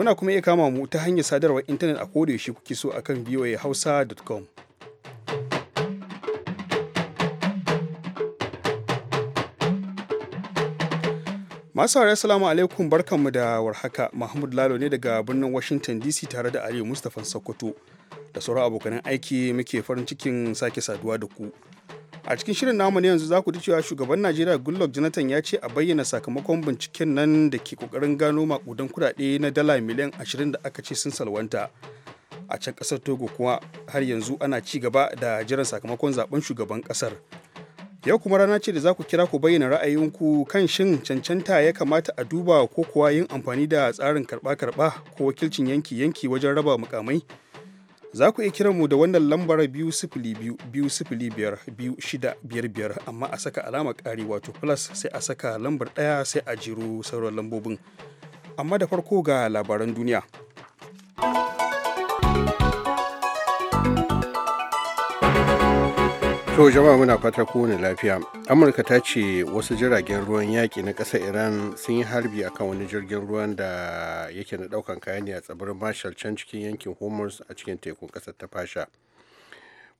Kuna kuma iya kama mu ta hanyar sadarwar intanet a shi kuke so akan voahausa.com. Masu haure salamu alaikum barkanmu da warhaka Mahmud Lalo ne daga birnin Washington DC tare da Aliyu Mustapha Sokoto da sauran abokanan aiki muke farin cikin sake saduwa da ku. a cikin shirin namu ne yanzu za ku ji cewa shugaban najeriya goodluck jonathan ya ce a bayyana sakamakon binciken nan da ke kokarin gano makudan kudade na dala miliyan ashirin da aka ce sun salwanta a can kasar togo kuwa har yanzu ana ci gaba da jiran sakamakon zaben shugaban kasar yau kuma rana ce da za ku kira ku bayyana ra'ayinku kan shin cancanta ya kamata a duba ko kuwa yin amfani da tsarin karba-karba ko wakilcin yanki-yanki wajen raba mukamai za ku iya kiran mu da wannan lambar biyu sifili biyu biyu sifili biyar biyu shida biyar biyar amma a saka alamar ƙari wato plus sai a saka lambar ɗaya sai a jiro sauran lambobin amma da farko ga labaran duniya To jama'a muna fatar kowane lafiya. Amurka ta ce wasu jiragen ruwan yaƙi na ƙasar Iran sun yi harbi akan wani jirgin ruwan da yake na ɗaukan kayan ne a tsibirin Marshall can cikin yankin Hormuz a cikin tekun ƙasar ta Fasha.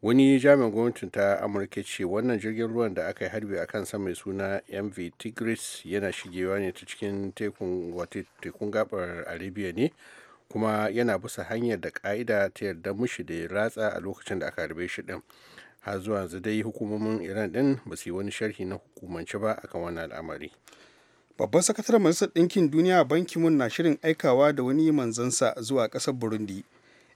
Wani jami'in gwamnatin ta Amurka ce wannan jirgin ruwan da aka yi harbi a kan mai suna MV Tigris yana shigewa ne ta cikin tekun wata tekun gabar Arabia ne kuma yana bisa hanyar da ƙa'ida ta yarda mushi da ya ratsa a lokacin da aka harbe shi ɗin. har zuwa yanzu dai hukumomin iran din ba su yi wani sharhi na hukumance ba akan wani al'amari babban sakataren majalisar ɗinkin duniya banki mun na shirin aikawa da wani manzansa zuwa ƙasar burundi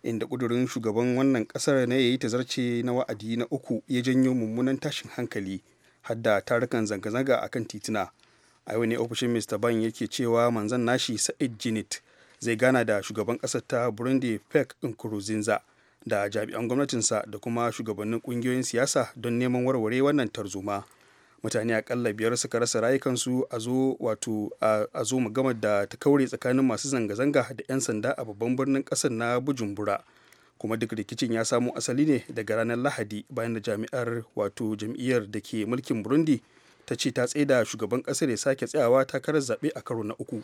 inda ƙudurin shugaban wannan ƙasar ne ya yi ta zarce na wa'adi na uku ya janyo mummunan tashin hankali har da tarukan zanga-zanga a kan tituna a yau ne ofishin mr ban yake cewa manzan nashi sa'id jinit zai gana da shugaban ƙasar ta burundi pek nkurunziza da jami'an gwamnatinsa da kuma shugabannin kungiyoyin siyasa don neman warware wannan tarzoma mutane akalla biyar suka rasa rayukansu a zo wato a zo da ta kaure tsakanin masu zanga-zanga da 'yan sanda a babban birnin kasar na bujumbura kuma duk rikicin ya samo asali ne daga ranar lahadi bayan da jami'ar wato jam'iyyar da ke mulkin burundi ta ce ta tsaida shugaban ƙasar ya sake tsayawa takarar zaɓe a karo na uku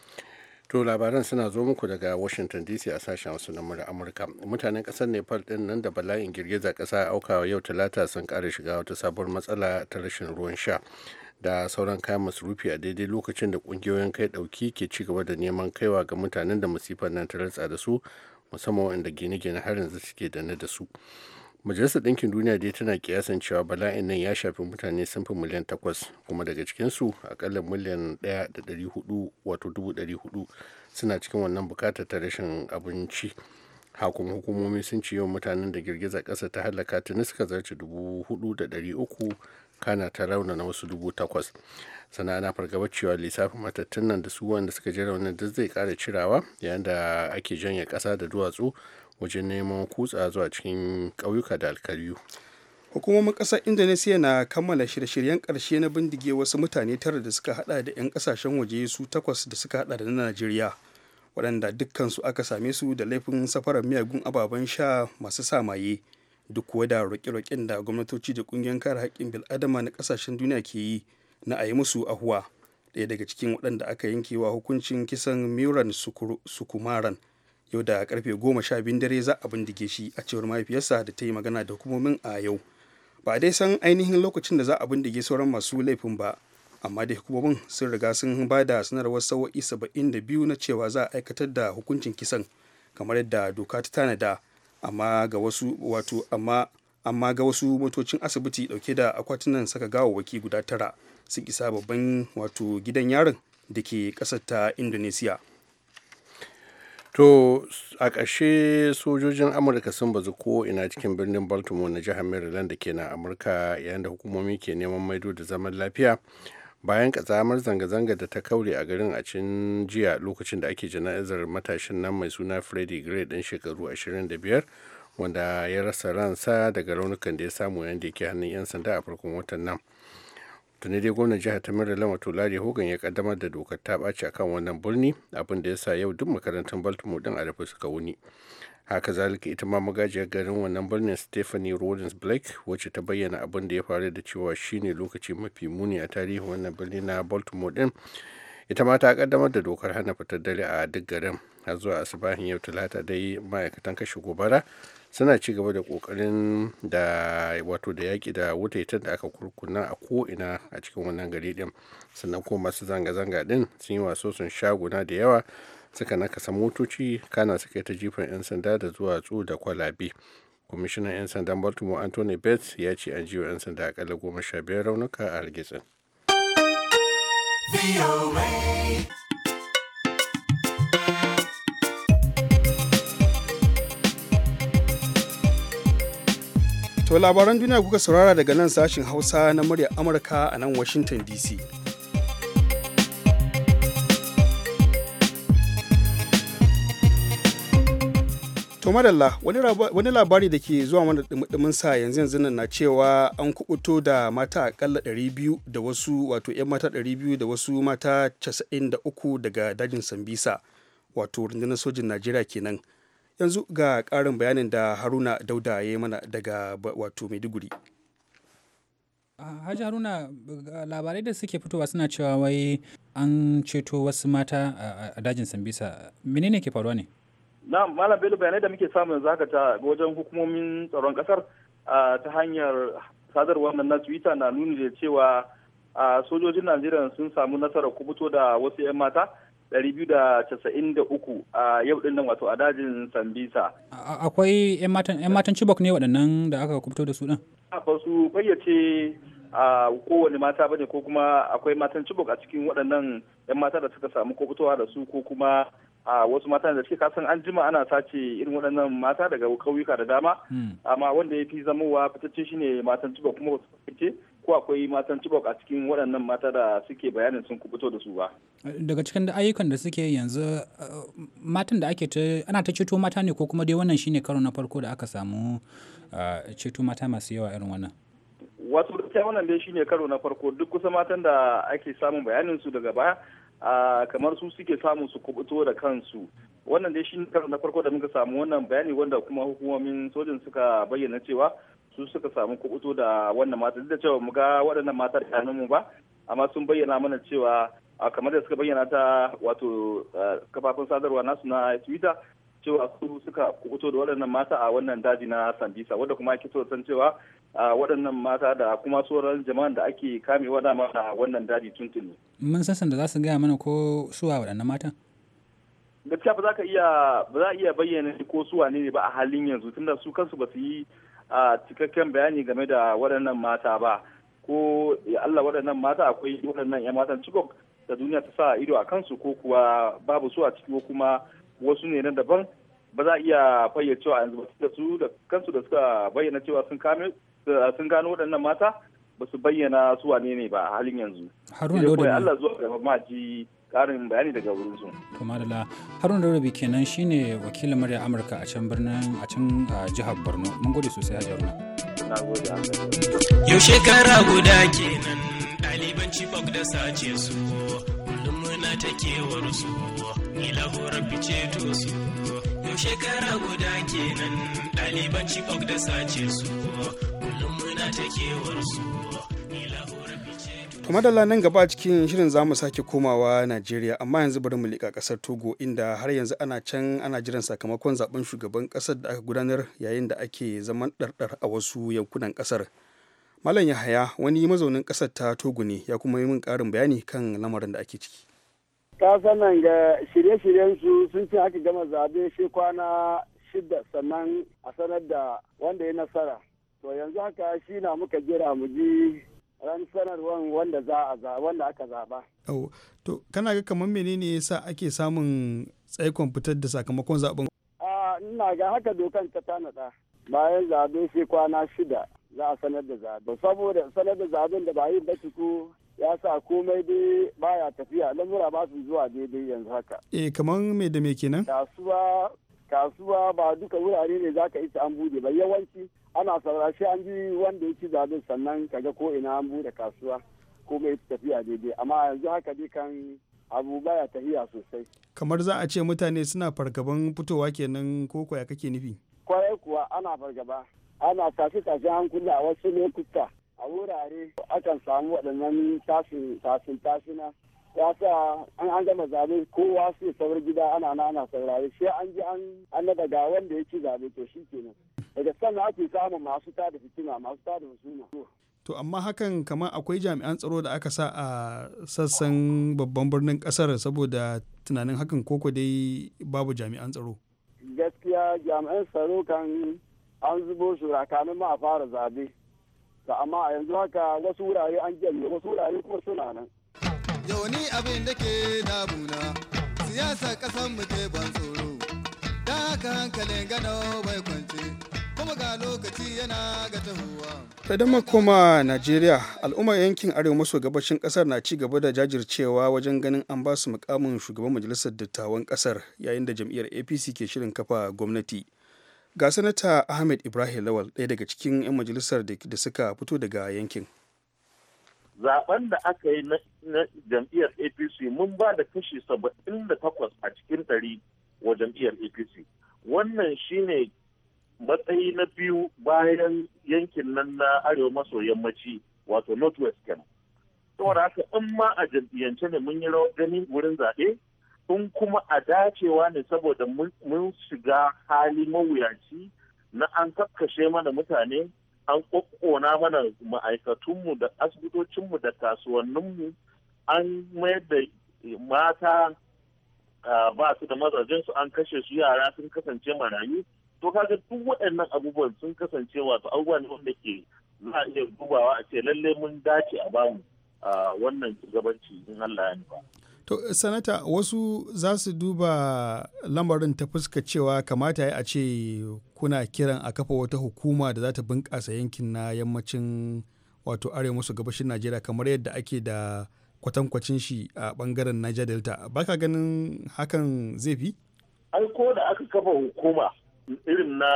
To labaran suna zo muku daga Washington DC a sashen wasu na mura Amurka. Mutanen kasar Nepal din nan da bala'in girgiza kasa auka yau talata sun kare shiga wata sabuwar matsala ta rashin ruwan sha. da sauran kayan masurufi a daidai lokacin da kungiyoyin kai dauki ke ci gaba da neman kaiwa ga mutanen da masifar nan ta ratsa da su musamman wanda gine-gine har yanzu suke da da su majalisar ɗinkin duniya dai tana kiyasan cewa bala'in nan ya shafi mutane sun fi miliyan takwas kuma daga cikinsu akalla miliyan ɗaya da ɗari hudu wato dubu ɗari hudu suna cikin wannan bukatar ta rashin abinci hakun hukumomi sun ce yawan mutanen da girgizar ƙasa ta halaka tuni suka zarce dubu hudu da ɗari uku kana ta rauna na wasu dubu takwas sana ana fargaba cewa lissafin matattun nan da su wanda suka jera raunin duk zai kara cirawa yayin da ake janye ƙasa da duwatsu wajen neman kutsa zuwa cikin ƙauyuka da alkaliyu hukumomin ƙasar indonesiya na kammala shirye-shiryen ƙarshe na bindige wasu mutane tara da suka hada da 'yan ƙasashen waje su takwas da suka hada da na najeriya waɗanda dukkansu aka same su da laifin safarar miyagun ababen sha masu samaye duk kuwa da roƙe-roƙen da gwamnatoci da ƙungiyar kare haƙƙin bil'adama na ƙasashen duniya ke yi na a yi musu ahuwa ɗaya daga cikin waɗanda aka yankewa hukuncin kisan miran sukumaran yau da karfe goma sha biyun dare za a bindige shi a cewar mahaifiyarsa da ta yi magana da hukumomin a yau ba dai san ainihin lokacin da za a bindige sauran masu laifin ba amma da hukumomin sun riga sun ba da sanarwar sawa'i saba'in da biyu na cewa za a aikatar da hukuncin kisan kamar yadda doka ta tanada amma ga wasu wato amma amma ga wasu motocin asibiti dauke da akwatunan saka gawawwaki guda tara sun isa babban wato gidan yaron da ke ƙasar ta indonesiya To a ƙarshe sojojin Amurka sun bazu ko ina cikin birnin Baltimore na jihar Maryland da ke na Amurka yayin da hukumomi ke neman maido da zaman lafiya bayan ƙazamar zanga-zanga da ta kaure a garin a cin jiya lokacin da ake jana'izar matashin nan mai suna Freddie Gray ɗan shekaru 25 wanda ya rasa ransa daga raunukan da ya samu yayin da yake hannun 'yan sanda a farkon watan nan. tuni dai gwamnan jihar ta lama to larry hogan ya kaddamar da dokar ta ɓaci akan wannan birni abin da ya sa yau duk makarantun baltimore din a rufe suka wuni haka zalika ita ma magajiyar garin wannan birnin stephanie rollins blake wacce ta bayyana abin da ya faru da cewa shine lokaci mafi muni a tarihin wannan birni na baltimore din ita ma ta kaddamar da dokar hana fitar dare a duk garin har zuwa asibahin yau talata dai ma'aikatan kashe gobara suna ci gaba da kokarin da wato da yaki da ita da aka kurkuna a ko'ina a cikin wannan gari din sannan kuma masu zanga-zanga din sun yi waso sun shaguna da yawa suka nakasa motoci kana suka yi ta jifan 'yan sanda da zuwa tsu da kwalabe kwamishinan 'yan sandan baltimore anthony bates ya ce an jiwa 'yan sanda akalla goma sha biyar raunuka a hargitsin To labaran duniya kuka saurara daga nan sashin Hausa na muryar Amurka a nan Washington DC. To madalla wani labari da ke zuwa mana dumudumin sa yanzu yanzu nan na cewa an kubuto da mata akalla 200 da wasu wato 'yan mata 200 da wasu mata 93 daga dajin Sambisa wato rundunar sojin Najeriya kenan. yanzu ga karin bayanin da haruna dauda ya yi mana daga wato maiduguri Hajji Haruna labarai da suke fitowa suna cewa wai an ceto wasu mata a dajin Sambisa. Menene ke faruwa ne? Na Malam Bello bayanai da muke samu yanzu haka wajen hukumomin tsaron kasar ta hanyar sadarwa na Twitter na nuni da cewa sojojin Najeriya sun samu nasarar kubuto da wasu 'yan mata 293 a yau din nan wato a dajin Sambisa. Akwai 'yan matan Chibok ne waɗannan da aka kubuto da su ɗin? A su bayyace a kowane mata bane ko kuma akwai matan Chibok a cikin waɗannan 'yan mata da suka samu kubutowa da su ko kuma a wasu mata da suke kasan an jima ana sace irin waɗannan mata daga kauyuka da dama hmm. amma wanda ya fi zamowa fitacce shine matan Chibok kuma wasu ko akwai matan Chibok a cikin waɗannan mata da suke bayanin sun kubuto da su ba. Daga cikin ayyukan da suke yanzu eh, matan da ake ta ana ta ceto mata ne ko kuma dai wannan shine karo na farko da aka samu eh, ceto mata masu yawa irin wannan. Wato da wannan dai shine karo na farko duk kusa matan da ake samun bayanin su daga baya ah, kamar su suke samun su kubuto da kansu wannan dai shine karo na farko da muka samu wannan bayani wanda kuma hukumomin sojin suka bayyana cewa su suka samu kubuto da wannan mata duk da cewa mu ga waɗannan matar da mu ba amma sun bayyana mana cewa a kamar da suka bayyana ta wato kafafun sadarwa nasu na twitter cewa su suka kubuto da waɗannan mata a wannan daji na sambisa wadda kuma ake so san cewa waɗannan mata da kuma sauran jama'an da ake kamewa dama a wannan daji tuntuni. mun san da za su gaya mana ko suwa waɗannan matan gaskiya ba za ka iya ba za iya bayyana ko suwa ne ba a halin yanzu tunda su kansu ba su yi A cikakken bayani game da waɗannan mata ba ko Allah waɗannan mata akwai waɗannan 'yan matan cikok da duniya ta sa ido a kansu ko kuwa babu su a ciki ko kuma wasu ne na daban ba za a iya fayyacewa yanzu da su da kansu da suka bayyana cewa sun kame sun gano waɗannan mata ba su bayyana su wane ne ba halin yanzu. Haruna Dodon. Allah karin bayani daga wurin su kuma da harun daurabi kenan shine wakilin murya amurka a can birnin a can jihar borno mun gode sosai a jaruna yau shekara guda kenan ɗalibanci bak da sace su kullum muna ta kewar su ni lahorar fice to su yau shekara guda kenan ɗalibanci bak da sace su kullum muna ta kewar su To madalla nan gaba cikin shirin zamu sake komawa Najeriya amma yanzu bari mu leƙa ƙasar Togo inda har yanzu ana can ana jiran sakamakon zaben shugaban ƙasar da aka gudanar yayin da ake zaman ɗarɗar a wasu yankunan ƙasar. Malam Yahaya wani mazaunin ƙasar ta Togo ne ya kuma yi min ƙarin bayani kan lamarin da ake ciki. ta sanan ga shirye-shiryen su sun ce ake gama zaɓe shi kwana shida sannan a sanar da wanda ya nasara. To yanzu haka shi na muka jira mu ji ran sanarwar wanda za a wanda aka zaba. Oh, to kana ga kamar menene yasa ake samun tsaikon fitar da sakamakon zaben? Ah, ina ga haka dokan ta tanada. Bayan zabe sai kwana shida za a sanar da zabe. Saboda sanar da zaben da ba yi ba ko ya sa komai dai baya tafiya lamura ba su zuwa daidai yanzu haka. Eh, kamar me da me kenan? Kasuwa kasuwa ba duka wurare ne za ka isa an bude ba yawanci ana saurara sai an ji wanda ya ci zaɓe sannan kaga ko ina an bude kasuwa ko mai tafiya daidai amma yanzu haka dai kan abu baya tahiya sosai kamar za a ce mutane suna fargaban fitowa kenan ko kwaya kake nufi kwarai kuwa ana fargaba ana tafi tafi kula a wasu lokuta a wurare akan samu waɗannan tashin tashin tashina ya sa an an gama zabe kowa sai saurar gida ana na ana saurare sai an ji an an daga wanda ya ci zabe to shi kenan daga sannan ake samun masu tada fitina masu tada husuma to amma hakan kamar akwai jami'an tsaro da aka sa a sassan babban birnin kasar saboda tunanin hakan koko dai babu jami'an tsaro gaskiya jami'an tsaro kan an zubo su rakanin ma a fara zabe amma a yanzu haka wasu wurare an janye wasu wurare kuma suna nan yau ni abin da ke damuna siyasa kasan mu ke ban tsoro da haka hankalin gano bai kwance kuma Najeriya, al'ummar yankin arewa maso gabashin kasar na ci gaba da jajircewa wajen ganin an ba su mukamin shugaban majalisar dattawan kasar yayin da jam'iyyar APC ke shirin kafa gwamnati. Ga sanata Ahmed Ibrahim Lawal ɗaya daga cikin 'yan majalisar da suka fito daga yankin. Zaben da aka yi na jam'iyyar APC mun ba da kashi 78 a cikin ɗari wa jam'iyyar APC. Wannan shine matsayi na biyu bayan yankin nan na arewa maso yammaci wato northwest kenan saboda haka in ma a jam'iyyance ne mun yi rawar gani wurin zaɓe in kuma a dacewa ne saboda mun shiga hali mawuyaci na an kakkashe mana mutane an ƙoƙona mana ma'aikatunmu da asibitocinmu da kasuwanninmu an mayar da mata ah, ba su da mazajensu an kashe su yara sun kasance marayu to kaga duk waɗannan abubuwan sun kasance wato abubuwa ne wanda ke za a iya dubawa a ce lallai mun dace a bamu a wannan shugabanci in Allah ya nufa. To, sanata wasu za su duba lamarin ta fuska cewa kamata ya a ce kuna kiran a kafa wata hukuma da za ta bunƙasa yankin na yammacin wato arewa maso gabashin Najeriya kamar yadda ake da kwatankwacin shi a bangaren Niger Delta. Baka ganin hakan zai fi? Ai, ko da aka kafa hukuma irin na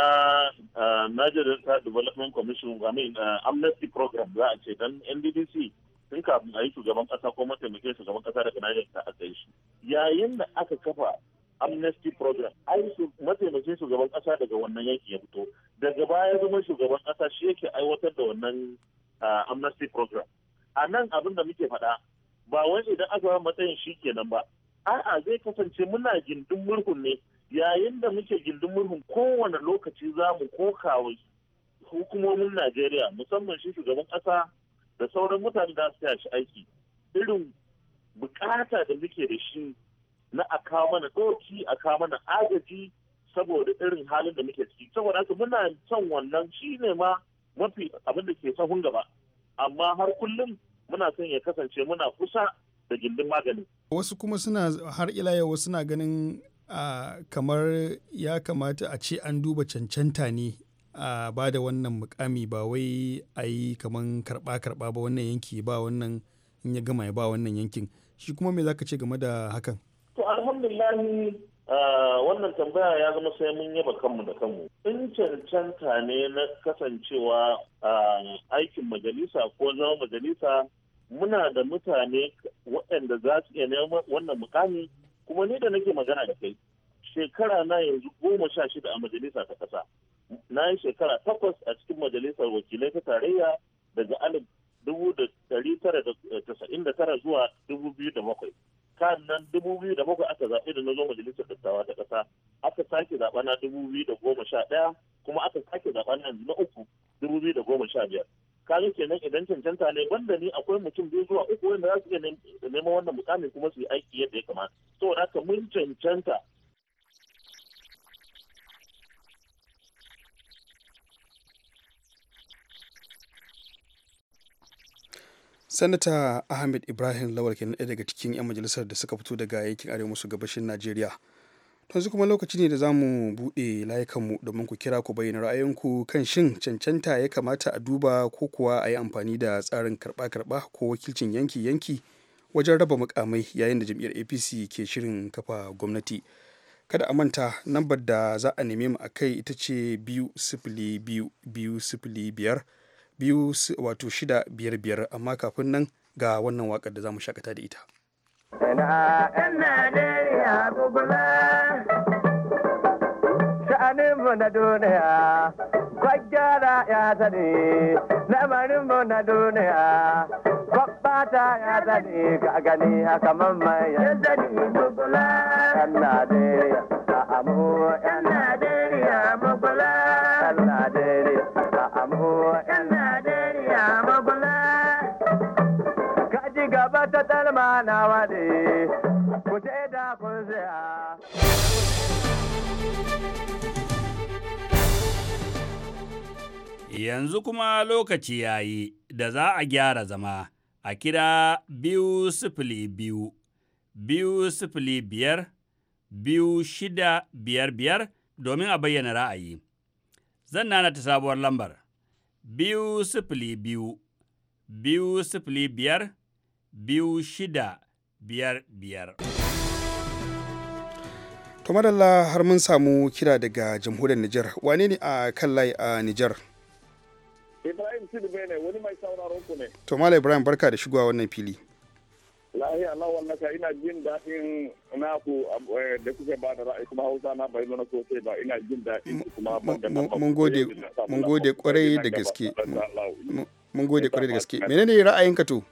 eh, Nigeria Development Commission I mean eh, amnesty program za a ce dan NDDC sun kafin a yi shugaban kasa ko mataimakin shugaban kasa daga Nigeria ta aka yi shi yayin da aka kafa amnesty program ai mataimakin shugaban kasa daga wannan yanki ya fito daga baya zama shugaban kasa shi yake aiwatar da wannan eh, amnesty program a nan abin da muke faɗa ba wani idan aka ba matsayin shi kenan ba a'a zai kasance muna gindin murhun ne yayin da muke gindin murhun kowane lokaci za mu koka wa hukumomin najeriya musamman shi shugaban ƙasa da sauran mutane da su shi aiki irin bukata da muke da shi na a kawo mana doki a kawo mana agaji saboda irin halin da muke ciki saboda haka muna son wannan shi ne ma mafi abin da ke sahun gaba amma har kullum muna son ya kasance muna kusa da gindin magani Wasu kuma suna har ila yau suna ganin uh, kamar ya kamata a ce an duba cancanta ne a ba da wannan mukami ba wai a yi kamar karba-karba ba wannan yanki ba wannan in ya gama ya ba wannan yankin shi kuma me zaka ce game da hakan to alhamdulillahi wannan tambaya ya zama sai mun yaba kanmu da kanmu in cancanta ne na kasancewa aikin majalisa ko zama majalisa muna da mutane waɗanda za su iya neman wannan mukami kuma ni da nake magana da kai shekara na yanzu goma sha shida a majalisa ta ƙasa na yi shekara takwas a cikin majalisar wakilai ta tarayya daga alif dubu da dari tara da eh, tasa'in da tara zuwa dubu biyu da bakwai kan nan dubu biyu da bakwai aka zaɓe da na zo majalisar dattawa ta ƙasa aka sake zaɓa na dubu biyu da goma sha ɗaya kuma aka sake zaɓa na na uku dubu biyu da goma sha biyar kaga kenan idan cancanta ne banda ni akwai mutum biyu zuwa uku wanda za su iya neman wannan mukamin kuma su yi aiki yadda ya kamata saboda haka mun cancanta sanata ahmed ibrahim lawal kenan ɗaya daga cikin 'yan majalisar da suka fito daga yankin arewa maso gabashin najeriya yanzu kuma lokaci ne da za mu buɗe layukanmu domin ku kira ku bayyana ra'ayinku kan shin cancanta ya kamata a duba ko kuwa a yi amfani da tsarin karɓa-karɓa ko wakilcin yanki-yanki wajen raba mukamai yayin da jam'iyyar apc ke shirin kafa gwamnati kada a manta lambar da za a neme mu a kai ita ce biyu sifili biyu biyu sifili biyar biyu wato shida biyar biyar amma kafin nan ga wannan wakar da za mu shakata da ita. Ina ina ne ya lamarinmu na duniya kwaggara ya sani lamarinmu na duniya kwabbata ya sani ka gani haka mamman ya sani mugula yan najeriya a amu yan najeriya mugula yan najeriya a amu yan najeriya mugula ka ji gaba ta talma na wade Yanzu kuma lokaci ya yi da za a gyara zama a kira biyu sifili biyu, biyu sifili biyar, biyu shida biyar biyar domin a bayyana ra'ayi. Zan nana ta sabuwar lambar biyu sifili biyu, biyu sifili biyar, biyu shida biyar biyar. To madalla har mun samu kira daga jamhuriyar Nijar, wane ne a kan layi a Nijar? Silbe ne wani mai sauraron ku ne. To Malam Ibrahim barka da shigowa wannan fili. Lahiya Allah wallaka ina jin daɗin na ku eh, da kuke ba da ra'ayi kuma Hausa na bai nuna sosai ba ina jin daɗin kuma ban da mun gode kwarai da gaske. Mun gode kwarai da gaske. Menene ra'ayinka to?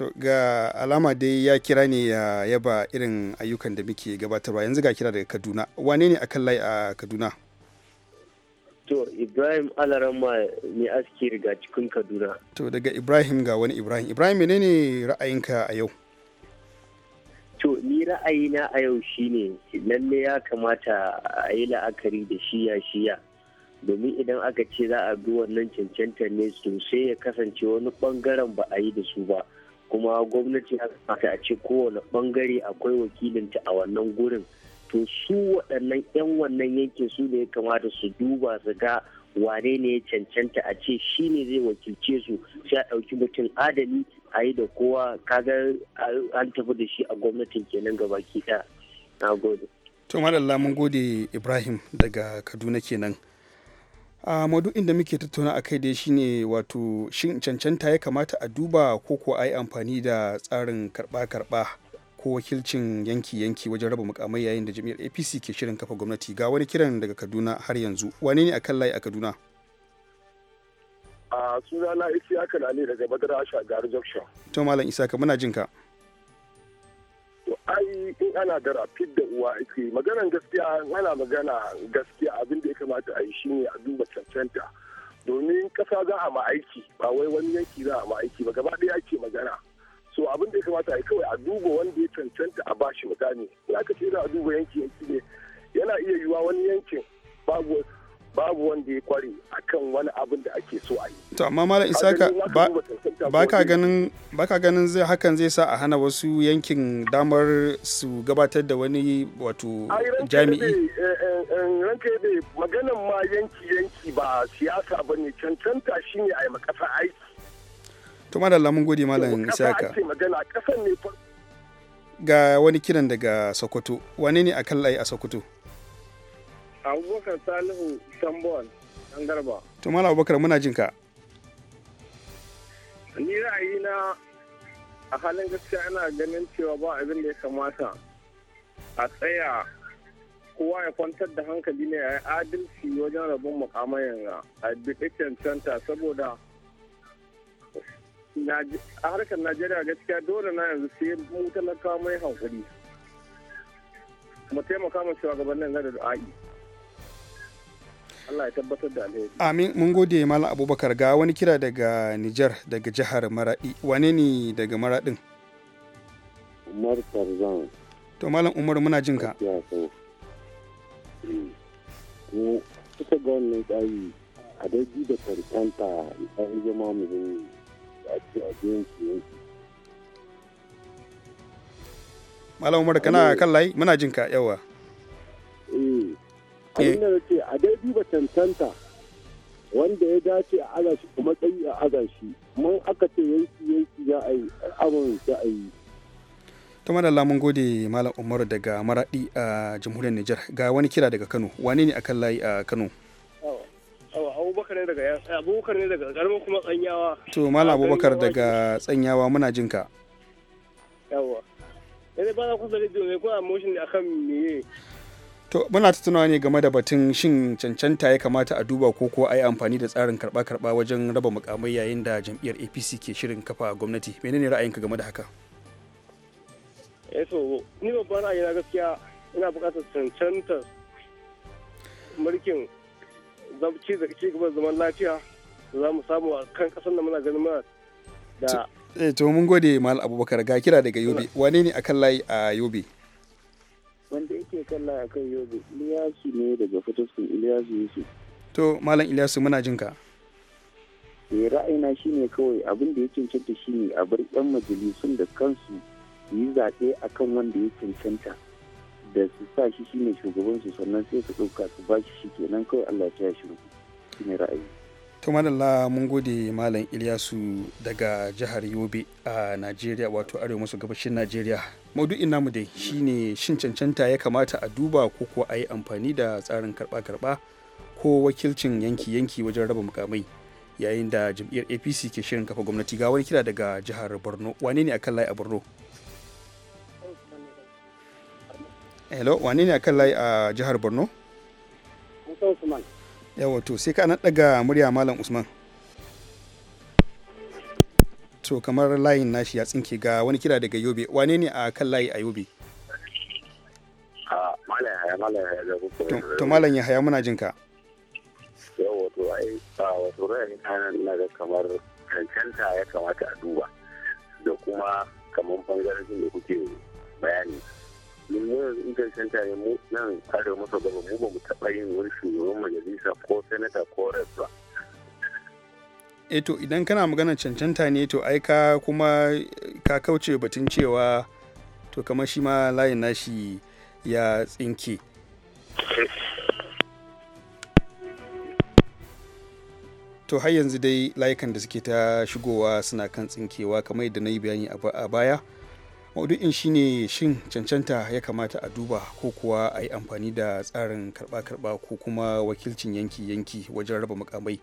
To ga alama dai ya kira ne ya yaba irin ayyukan da muke gabatarwa yanzu ga kira daga Kaduna. Wane ne akan layi a Kaduna? To Ibrahim Alarama ne aski riga cikin Kaduna. To daga Ibrahim ga wani Ibrahim. Ibrahim menene ra'ayinka a yau? To ni ra'ayina a yau shine lalle ya kamata a yi la'akari da shiya shiya. Domin idan aka ce za a bi wannan cancantar ne sosai ya kasance wani bangaren ba a yi da su ba. Kuma gwamnati ya kamata a ce kowane bangare akwai wakilinta a wannan gurin. to su waɗannan 'yan wannan yankin su ne ya kamata su duba su ga wane ne ya cancanta a ce shi ne zai wakilce su sai a ɗauki mutum adali a yi da kowa kaga an tafi da shi a gwamnatin kenan gabaki ɗaya na gode to madalla mun gode ibrahim daga kaduna kenan a madu da muke tattauna a kai dai shine wato shin cancanta ya kamata a duba ko ko a yi amfani da tsarin karɓa-karɓa ko wakilcin yanki-yanki wajen raba mukamai yayin da jami'ar apc ke shirin kafa gwamnati ga wani kiran daga kaduna har yanzu wane ne akan layi a kaduna a suna na isi aka ne daga madara asha gari junction to malam isa ka muna jinka to ai in ana da rafid da uwa ake maganan gaskiya ana magana gaskiya abin da ya kamata a yi shine a duba cancanta domin kasa za a ma aiki ba wai wani yanki za a ma aiki ba gaba ɗaya ake magana so abin da ya kamata a kawai a duba wanda ya cancanta a bashi mutane ya aka ce za a duba yanki yanki ne yana iya yiwuwa wani yankin babu babu wanda ya kware akan wani abin da ake so a yi. To amma Malam Isaka ba ka ganin ba ka ganin zai hakan zai sa a hana wasu yankin damar su gabatar da wani wato jami'i. Eh, eh, eh, ranke da maganan ma yanki yanki ba siyasa bane cancanta shine a yi makasa aiki. to madalla mun gode malam isaka ga wani kiran daga sokoto wane ne a kan layi a sokoto abubakar salihu sambon dan garba to malam abubakar muna jin ka ni ra'ayi na a halin gaskiya ana ganin cewa ba abin da ya kamata a tsaya kowa ya kwantar da hankali ne a adalci wajen rabon mukamayin a bidikin canta saboda a harkar najeriya gaskiya dole na yanzu sai mu talaka mai hankali mu taimaka mu shugabannin na da du'a'i Allah ya tabbatar da alheri amin mun gode malam abubakar ga wani kira daga niger daga jihar maradi wane ne daga maradin umar tarzan to malam umar muna jin ka ko kusa ga wannan tsari a daji da karkanta ya zama mu Malam Umar kana eh. kan layi muna jin ka yawa. Eh. Abin ce a dai duba tantanta wanda ya dace a aza shi kuma tsayi a aza shi mun aka ce yanki yanki za a yi abin za a yi. To madalla mun gode Malam umar daga Maradi a Jamhuriyar Nijar ga wani kira daga Kano wane ne akan layi a Kano? abubakar daga abubakar ne daga garmin kuma tsanyawa to malam abubakar daga tsanyawa muna jin ka yawa yanzu eh, ba za ku zare ne ko a motion da akan meye to muna tattaunawa ne game da batun shin cancanta ya kamata a duba ko ko ai amfani da tsarin karba karba wajen raba mukamai yayin da jam'iyyar APC ke shirin kafa gwamnati menene ra'ayinka game da haka eh ni babban ra'ayi na gaskiya ina bukatar cancanta mulkin ci gaba zaman lafiya za mu samu a kan ƙasar da muna ganin mana da eh, to mun gode mal abubakar ga kira daga yobe wane ne akan layi a yobe wanda yake kan layi akan yobe iliyasu ne daga fataskun iliyasu yusuf to malam iliyasu muna jin ka eh, ra'ayina shine kawai abin da ya cancanta shine a bar yan majalisun da kansu yi zaɓe akan wanda ya cancanta da su sa shi ne shugabansu sannan sai su ɗauka su ba shi shi kenan kawai Allah ya shi ne ra'ayi. To madalla mun gode Malam Ilyasu daga jihar Yobe a Najeriya wato arewa maso gabashin Najeriya. Maudu'in namu dai shine shin cancanta ya kamata a duba ko kuwa a yi amfani da tsarin karɓa-karɓa ko wakilcin yanki-yanki wajen raba mukamai yayin da jam'iyyar APC ke shirin kafa gwamnati ga wani kira daga jihar Borno wane ne akan layi a Borno? hello wane ne akan layi a jihar borno musa usman yawa to sai ka nan daga murya malam usman to kamar layin nashi ya tsinke ga wani kira daga yobe wane ne a kan layi a yobe to malam ya haya muna jinka yawa to ai wato ra'ayin kanan na da kamar cancanta ya kamata a duba da kuma kamar bangaren da kuke bayani mun yanzu in karshen tare mu nan arewa maso gaba mu ba mu taɓa yin wani shugaban majalisa ko senata ko ba. e to idan kana magana cancanta ne to ai ka kuma ka kauce batun cewa to kamar shi ma layin nashi ya tsinke to har yanzu dai layukan da suke ta shigowa suna kan tsinkewa kamar yadda na yi bayani a baya maudu'in shine shin cancanta ya kamata a duba ko kuwa a yi amfani da tsarin karba-karba ko kuma wakilcin yanki-yanki wajen raba makamai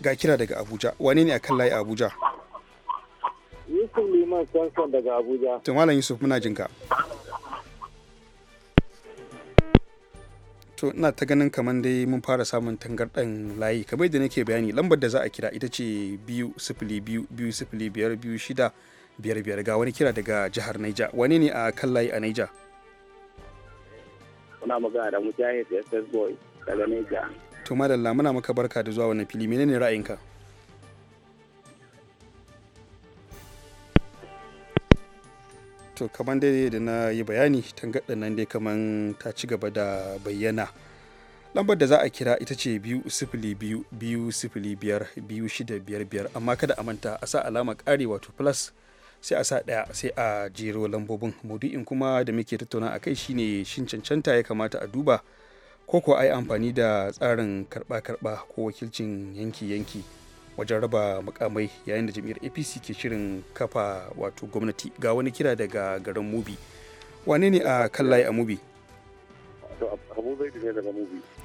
ga kira daga abuja wane ne a kan layi abuja yusuf liman sanson daga abuja to malam yusuf muna jinka to ina ta ganin kamar dai mun fara samun tangarɗan layi kamar da nake bayani lambar da za a kira ita ce biyu sifili biyu biyu sifili biyar biyu shida biyar biyar ga wani kira daga jihar Niger wani ne a kan layi a Niger muna magana da mujahid SS boy daga Niger to madalla muna maka barka da zuwa wannan fili menene ra'ayinka to kamar dai da na yi bayani tangaɗa nan dai kaman ta ci gaba da bayyana lambar da za a kira ita ce biyu sifili biyu biyu sifili biyar biyu shida biyar biyar amma kada a manta a sa alama ƙari wato plus sai a sa ɗaya sai a jero lambobin maudu'in kuma da muke tattauna a kai shine shin cancanta ya kamata a duba ko ko ai amfani da tsarin karba karba ko wakilcin yanki-yanki wajen raba mukamai yayin da jami'ar apc ke shirin kafa wato gwamnati ga wani kira daga garin mubi wane ne a kan layi a mubi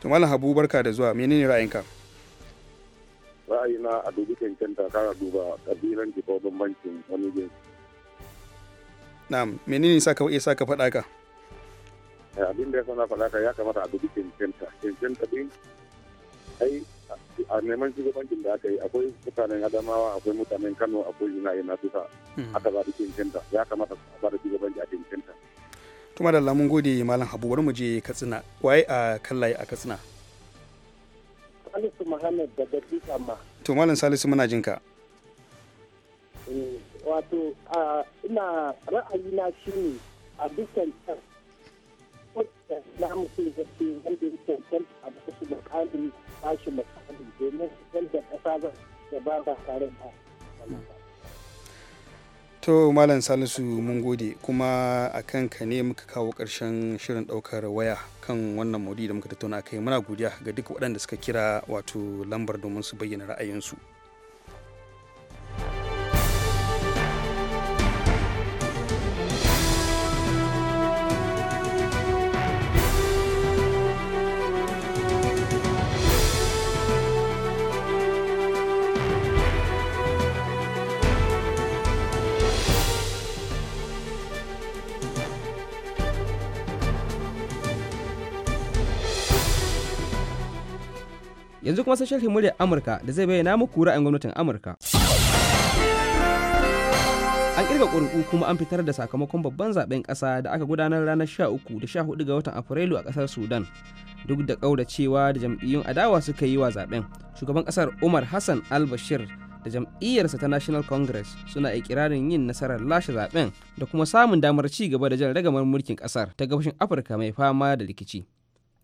to malam habu barka da zuwa menene ra'ayinka ra'ayina a dubi cancanta kara duba kabilan ko bambancin wani jinsi na'am menene sa ka iya sa ka faɗa ka eh, abin da ya sana faɗa ka ya kamata a dubi cancanta cancanta din ai a neman shugabancin da aka yi akwai mutanen adamawa akwai mutanen kano akwai ina yana duka hmm. aka ba da cancanta ya kamata a ba da shugabanci a cancanta tuma da lamun gode malam habu bari mu je katsina waye a kallaye a katsina salisu muhammad daga dutse ma. to malam salisu muna jinka ka Eh, wato ina ra'ayina shi ne a dukkan na mutum da ke wanda ya kyautar a basu makali ba shi domin wanda ƙasa ba da ba ba tare da To Malam Salisu mun gode kuma a kan ka ne muka kawo ƙarshen shirin ɗaukar waya kan wannan maudu da muka tattauna kai muna godiya ga duk waɗanda suka kira wato lambar domin su bayyana ra'ayinsu. masu sharhin muryar Amurka da zai bayyana muku ra'ayin gwamnatin Amurka. An kirga ƙuri'u kuma an fitar da sakamakon babban zaben ƙasa da aka gudanar ranar 13 da 14 ga watan Afrilu a ƙasar Sudan. Duk da ƙauracewa da jam'iyyun adawa suka yi wa zaben, shugaban ƙasar Umar Hassan al-Bashir da jam'iyyarsa ta National Congress suna ikirarin yin nasarar lashe zaben da kuma samun damar ci gaba da jan ragamar mulkin ƙasar ta gabashin Afirka mai fama da rikici.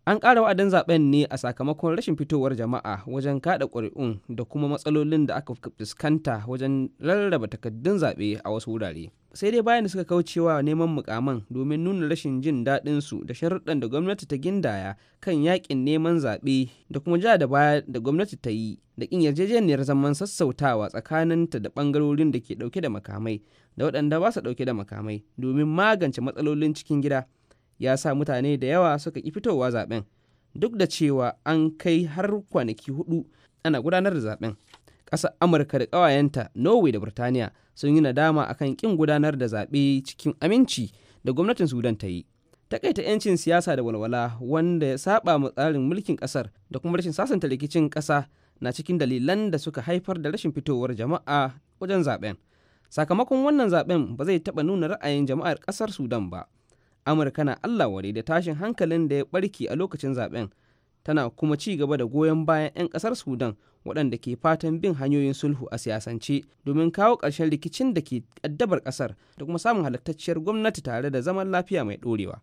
an ƙara wa'adin zaben ne a sakamakon rashin fitowar jama'a wajen kada ƙuri'un da kuma matsalolin da aka fuskanta wajen rarraba takaddun zaɓe a wasu wurare sai dai bayan da suka kaucewa neman mukaman domin nuna rashin jin daɗin su da sharuɗan da gwamnati ta gindaya kan yakin neman zaɓe da kuma ja da baya da gwamnati ta yi da ƙin yarjejeniyar zaman sassautawa tsakaninta da ɓangarorin da ke ɗauke da makamai da waɗanda ba su ɗauke da makamai domin magance matsalolin cikin gida ya sa mutane da yawa suka ki fitowa zaɓen duk da cewa an kai har kwanaki hudu ana gudanar da zaɓen ƙasar amurka da ƙawayenta norway da burtaniya sun yi nadama a kan ƙin gudanar da zaɓe cikin aminci da gwamnatin sudan ta yi takaita 'yancin siyasa da walwala wanda ya saba mu tsarin mulkin ƙasar da kuma rashin sasanta rikicin ƙasa na cikin dalilan da suka haifar da rashin fitowar jama'a wajen zaɓen sakamakon wannan zaɓen ba zai taɓa nuna ra'ayin jama'ar ƙasar sudan ba amurka na allah ware da tashin hankalin da ya barki a lokacin zaben tana kuma ci gaba da goyon bayan 'yan kasar sudan waɗanda ke fatan bin hanyoyin sulhu a siyasance domin kawo ƙarshen rikicin da ke addabar ƙasar da kuma samun halittacciyar gwamnati tare da zaman lafiya mai ɗorewa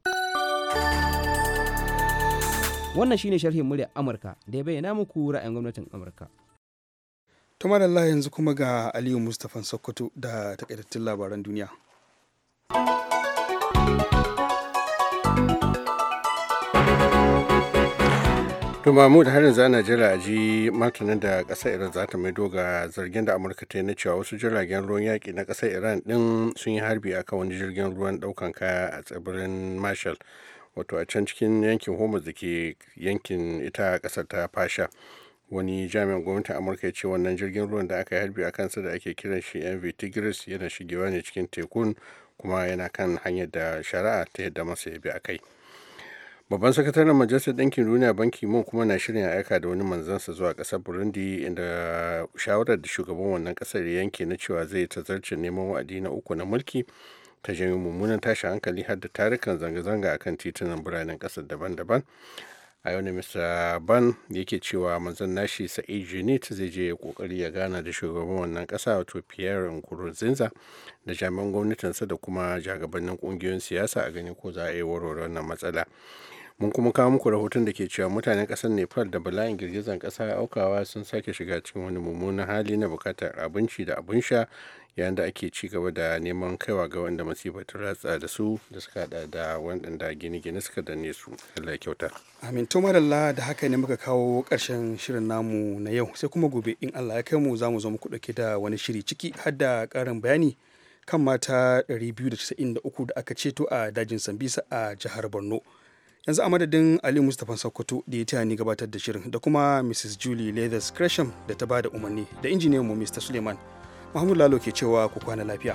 wannan shine sharhin muryar amurka da ya bayyana muku ra'ayin gwamnatin amurka ta Allah yanzu kuma ga aliyu mustapha sokoto da takaitattun labaran duniya. to mu har harin za najeriya a ji martanin da ƙasar iran za ta maido ga zargin da amurka ta yi na cewa wasu jiragen ruwan yaki na kasar iran ɗin sun yi harbi a kan wani jirgin ruwan ɗaukan kaya a tsibirin marshall wato a can cikin yankin homer da ke yankin ita ƙasar ta fasha wani jami'an gwamnatin amurka ya ce wannan jirgin ruwan da aka yi harbi a kansa da ake kiran shi mv tigris yana shigewa ne cikin tekun kuma yana kan hanyar da shari'a ta yadda masa ya bi a kai babban sakataren majalisar ɗinkin duniya banki mun kuma na shirin aika da wani manzansa zuwa ƙasar burundi inda shawarar da shugaban wannan ƙasar yanke na cewa zai tazarce neman wa'adi na uku na mulki ta janyo mummunan tashin hankali har da tarukan zanga-zanga a kan titunan biranen ƙasar daban-daban a yau ne mr ban yake cewa manzan nashi sa'i junit zai je ya kokari ya gana da shugaban wannan kasa wato pierre nkurunziza da jami'an gwamnatinsa da kuma jagabannin kungiyoyin siyasa a gani ko za a yi warware wannan matsala mun kuma kawo muku rahoton da ke cewa mutanen ƙasar nepal da bala'in girgizan kasa aukawa sun sake shiga cikin wani mummunan hali na bukatar abinci da abin sha yayin da ake ci gaba da neman kaiwa ga wanda masifatar ratsa da su da suka hada da waɗanda gine-gine suka danne su Allah ya kyauta amin to madalla da haka ne muka kawo ƙarshen shirin namu na yau sai kuma gobe in Allah ya kai mu za mu zo muku dauke da wani shiri ciki har da ƙarin bayani kan mata 293 da aka ceto a dajin Sambisa a jihar Borno yanzu a madadin ali mustapha sokoto da ya taya ni gabatar da shirin da kuma mrs julie leathers gresham da ta bada umarni da injiniyan mu mr suleiman mahmud lalo ke cewa ku kwana lafiya